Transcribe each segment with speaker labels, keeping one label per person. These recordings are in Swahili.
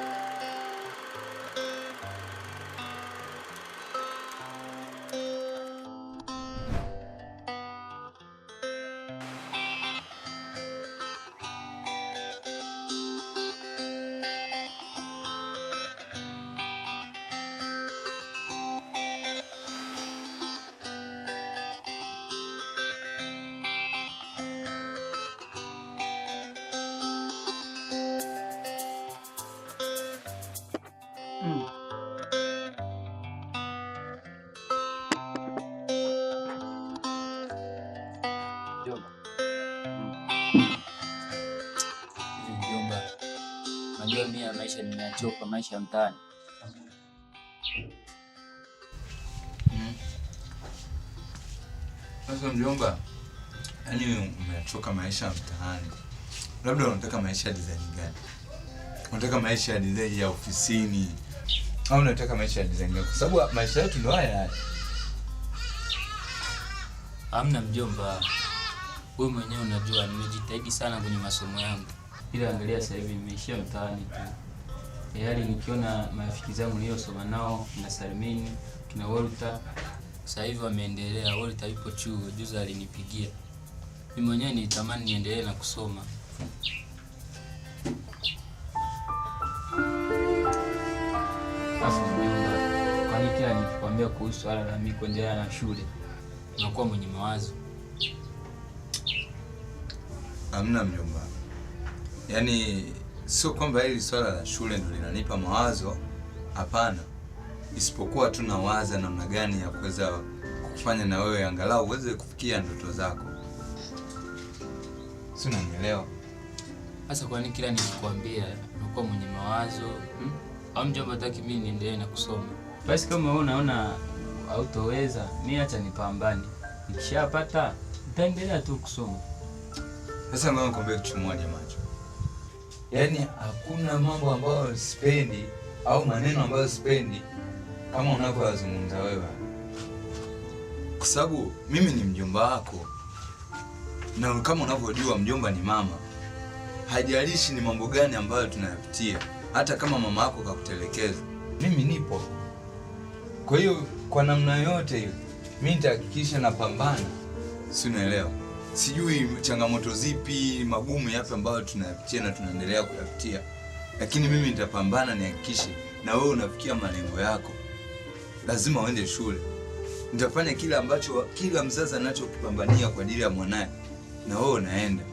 Speaker 1: Thank you. unajua mimi ya maisha nimeachoka, maisha mtaani.
Speaker 2: Hmm. Sasa mjomba, yaani umeachoka maisha ya mtaani, labda unataka maisha ya design gani? Unataka maisha ya design ya ofisini au unataka maisha ya design gani? Kwa sababu maisha yetu ndio haya.
Speaker 1: amna mjomba, wewe mwenyewe unajua nimejitahidi sana kwenye masomo yangu ila angalia sasa hivi nimeishia mtaani tu. Yaani nikiona marafiki zangu niliosoma nao na Salmini kina Walter sasa hivi wameendelea, Walter yupo chuo, juzi alinipigia. Mimi mwenyewe nitamani niendelee na kusoma. Basi kwani kila nikikwambia kuhusu swala la mimi kuendelea na shule unakuwa mwenye mawazo?
Speaker 2: Hamna mjomba, yaani sio kwamba hili swala la shule ndio linanipa mawazo, hapana, isipokuwa tu nawaza namna gani ya kuweza kufanya na wewe angalau uweze kufikia ndoto zako,
Speaker 1: si unanielewa? Sasa kwani kila nikikwambia unakuwa mwenye mawazo hmm? Au mjomba hataki mimi niendelee na kusoma? Basi kama wewe unaona hautoweza, mimi acha nipambane, nikishapata nitaendelea tu kusoma.
Speaker 2: Sasa ngoja nikwambie kitu kimoja macho yani hakuna mambo ambayo sipendi au maneno ambayo sipendi kama unavyowazungumza wewe, kwa sababu mimi ni mjomba wako, na kama unavyojua mjomba ni mama. Hajalishi ni mambo gani ambayo tunayapitia, hata kama mama yako kakutelekeza, mimi nipo. Kwa hiyo kwa namna yote mimi nitahakikisha napambana, si unaelewa? sijui changamoto zipi magumu yapi ambayo tunayapitia na tunaendelea kuyapitia, lakini mimi nitapambana nihakikishe na wewe unafikia malengo yako. Lazima uende shule. Nitafanya kile ambacho kila mzazi anachokipambania kwa ajili ya mwanaye, na wewe unaenda.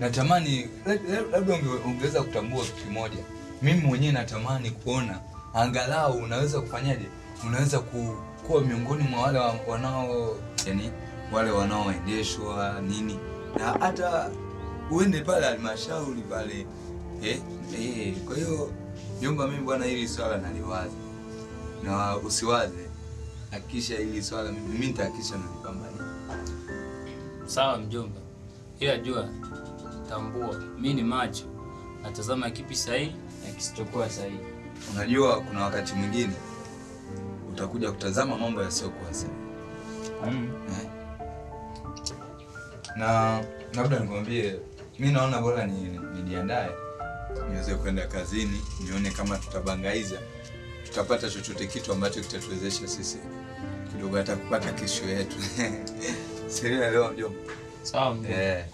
Speaker 2: Natamani labda ungeweza kutambua kitu kimoja, mimi mwenyewe natamani kuona angalau unaweza kufanyaje, unaweza kuwa miongoni mwa wale wanao yani wale wanaoendeshwa nini, na hata uende pale halmashauri pale eh, eh. Kwa hiyo nyumba, mimi bwana, hili swala naliwaza na usiwaze, hakikisha hili swala mimi nitahakikisha nalipambania.
Speaker 1: Sawa mjomba, ila jua tambua, mimi ni macho, natazama kipi sahihi na kisichokuwa sahihi.
Speaker 2: Unajua kuna wakati mwingine utakuja kutazama mambo yasiyokuwa sahihi mm. eh? na labda nikwambie, mi naona bora nijiandae ni, ni niweze kwenda kazini, nione kama tutabangaiza, tutapata chochote kitu ambacho kitatuwezesha sisi kidogo hata kupata kesho yetu. leo mjomba.
Speaker 1: Sawa mjomba. Eh.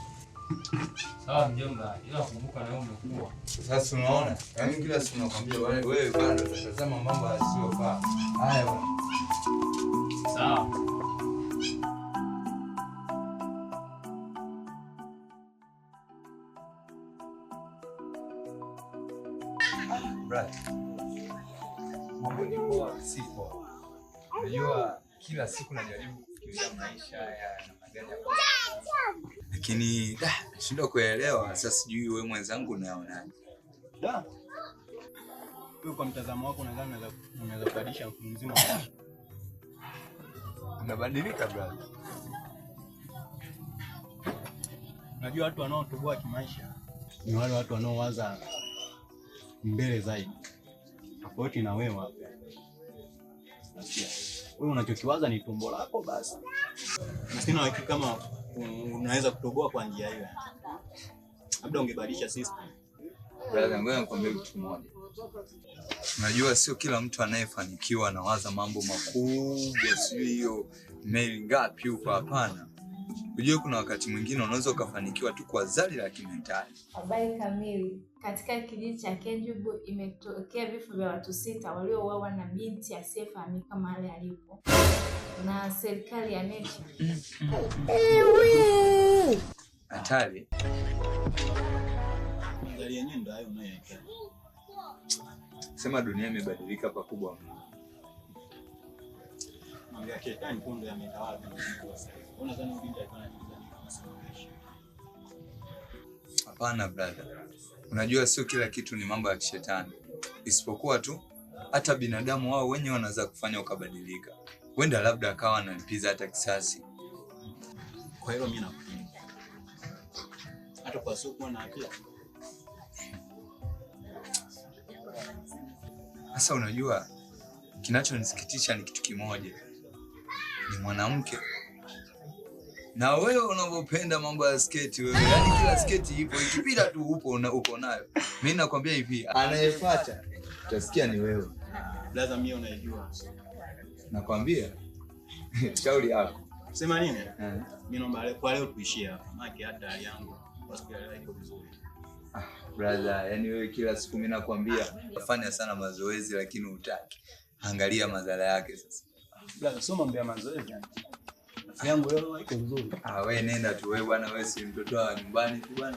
Speaker 1: Sawa mjomba, ila kumbuka leo umekuwa.
Speaker 2: Sasa unaona? Yaani kila siku nakwambia wewe bado utatazama mambo yasiyofaa. Haya bwana. Sawa. Mambo poa si poa. Najua kila siku najaribu kufikiria maisha ya lakini nashindwa kuelewa. Sasa sijui wewe mwenzangu unaonaje?
Speaker 1: kwa mtazamo wako nadhani unaweza kubadilisha mfumo mzima.
Speaker 2: Unabadilika brother.
Speaker 1: Unajua watu wanaotoboa kimaisha ni wale watu wanaowaza mbele zaidi, tofauti na wewe hapa. Wewe unachokiwaza ni tumbo lako basi, na sina hakika kama unaweza kutoboa kwa njia hiyo, labda ungebadilisha system.
Speaker 2: Brother, Ngoja nikwambie kitu kimoja. Unajua, sio kila mtu anayefanikiwa anawaza mambo makubwa, sio hiyo meli ngapi huko, hapana. Unajua kuna wakati mwingine unaweza ukafanikiwa tu kwa zali la kimentali.
Speaker 3: Habari kamili. Katika kijiji cha Kenjubu imetokea vifo vya watu sita waliouawa na binti asiyefahamika mahali alipo na serikali ya NECHA.
Speaker 2: Hatari. Sema dunia imebadilika pakubwa mno. Hapana brother, unajua sio kila kitu ni mambo ya kishetani, isipokuwa tu hata binadamu wao wenyewe wanaweza kufanya ukabadilika. Wenda labda akawa analipiza hata kisasi.
Speaker 1: Kwa hiyo mimi nakupinga. Hata kwa sio kuwa na akili.
Speaker 2: Sasa unajua kinachonisikitisha ni kitu kimoja ni mwanamke na wewe unavyopenda mambo ya sketi wewe, yani kila sketi ipo, ikipita tu upo na uko nayo. Mimi nakwambia hivi, anayefuata utasikia ni wewe.
Speaker 1: Blaza, mimi unaijua,
Speaker 2: nakwambia shauri yako.
Speaker 1: Sema nini? Eh. Mimi naomba kwa leo tuishie hapa, maana hata hali yangu iko vizuri.
Speaker 2: Ah, brother, yani wewe kila siku mimi nakwambia, fanya sana mazoezi, lakini utaki. Angalia madhara yake sasa.
Speaker 1: Brother, soma mambo ya mazoezi. Afya yangu leo iko nzuri.
Speaker 2: Ah, wewe nenda tu wewe bwana, wewe si mtoto wa nyumbani tu bwana.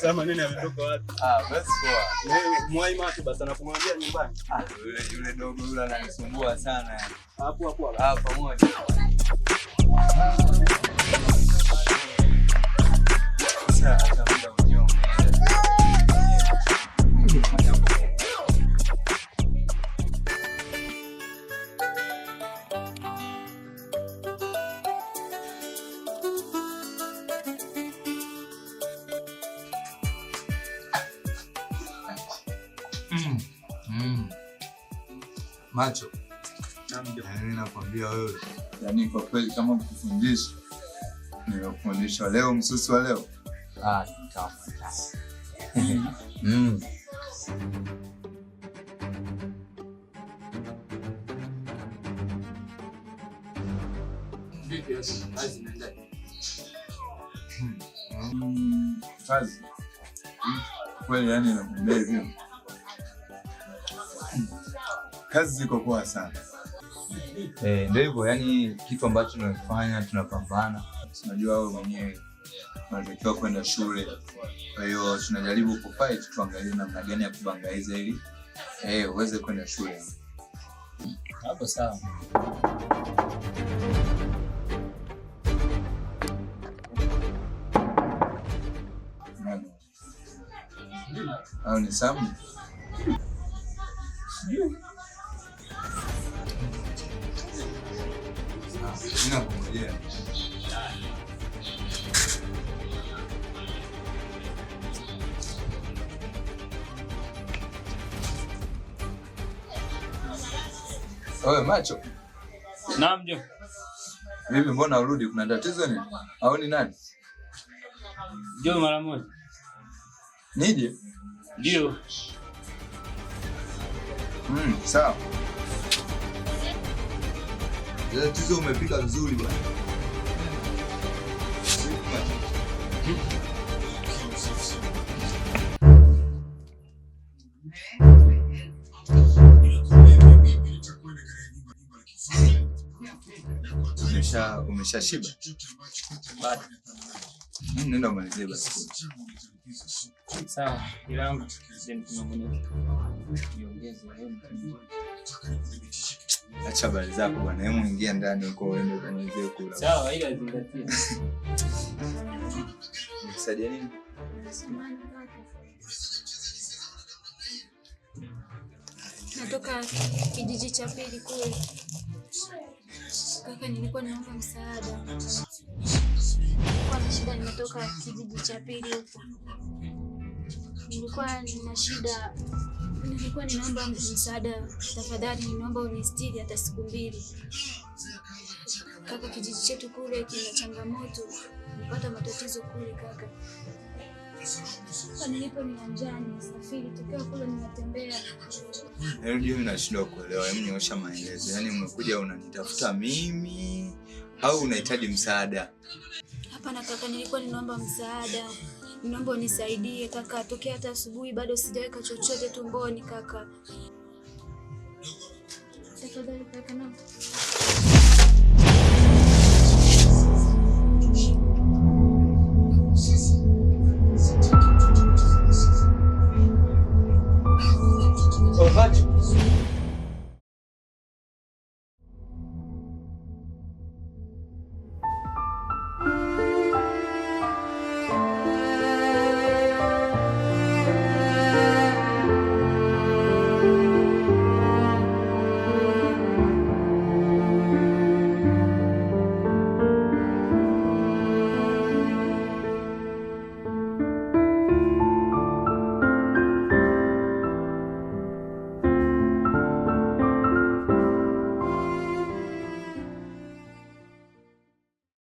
Speaker 1: Sama nini ametoka wapi?
Speaker 2: Ah, basi poa.
Speaker 1: Wewe mwai mate basi anakumwambia nyumbani.
Speaker 2: Ah, yule yule dogo yule ananisumbua sana. yani. Hapo hapo hapo ah, pamoja. nacho yani, nakwambia wewe, yani kwa kweli, kama mkufundisha nimekufundisha leo, msusi wa leo
Speaker 1: ah, mm.
Speaker 2: kazi hmm. kweli, yani nakwambia hivyo kazi ziko poa sana.
Speaker 1: Eh, ndio hivyo, yani kitu ambacho tunafanya tunapambana,
Speaker 2: tunajua wao mwenyewe tunatakiwa kwenda shule, kwa hiyo tunajaribu kufight, tuangalie namna gani ya kubangaiza ili eh uweze kwenda shule. Hapo sawa. Au ni Samu? Sijui. Wewe macho. Naam jo. Mimi mbona urudi, kuna tatizo nini? Au ni nani?
Speaker 1: Jo, mara moja. Nije? Ndio.
Speaker 2: Mm, sawa. Tatizo umepika vizuri bwana. Umesha umesha shiba? Bado. Mimi nenda malizie basi. Sawa, Acha habari zako bwana, hemu ingia ndani huko uende ukaanze kula.
Speaker 1: Sawa, ila zingatia.
Speaker 2: Nikusaidia nini?
Speaker 4: Natoka kijiji cha pili kule. Kaka, nilikuwa naomba msaada. Nilikuwa na shida, nimetoka kijiji cha pili huko. Nilikuwa nina shida nilikuwa ninaomba msaada tafadhali, ninaomba unistiri hata siku mbili. Kaka, kijiji chetu kule kina changamoto, nipata matatizo kule kaka. Nilipo ni njaa, nisafiri tokea kule, ninatembea.
Speaker 2: Ndio eh, nashindwa kuelewa, hebu niosha maelezo. Yaani umekuja unanitafuta mimi au unahitaji msaada?
Speaker 4: Hapana kaka, nilikuwa ninaomba msaada Naomba unisaidie kaka, tokea hata asubuhi bado sijaweka chochote tumboni kaka. Tafadhali kaka, naomba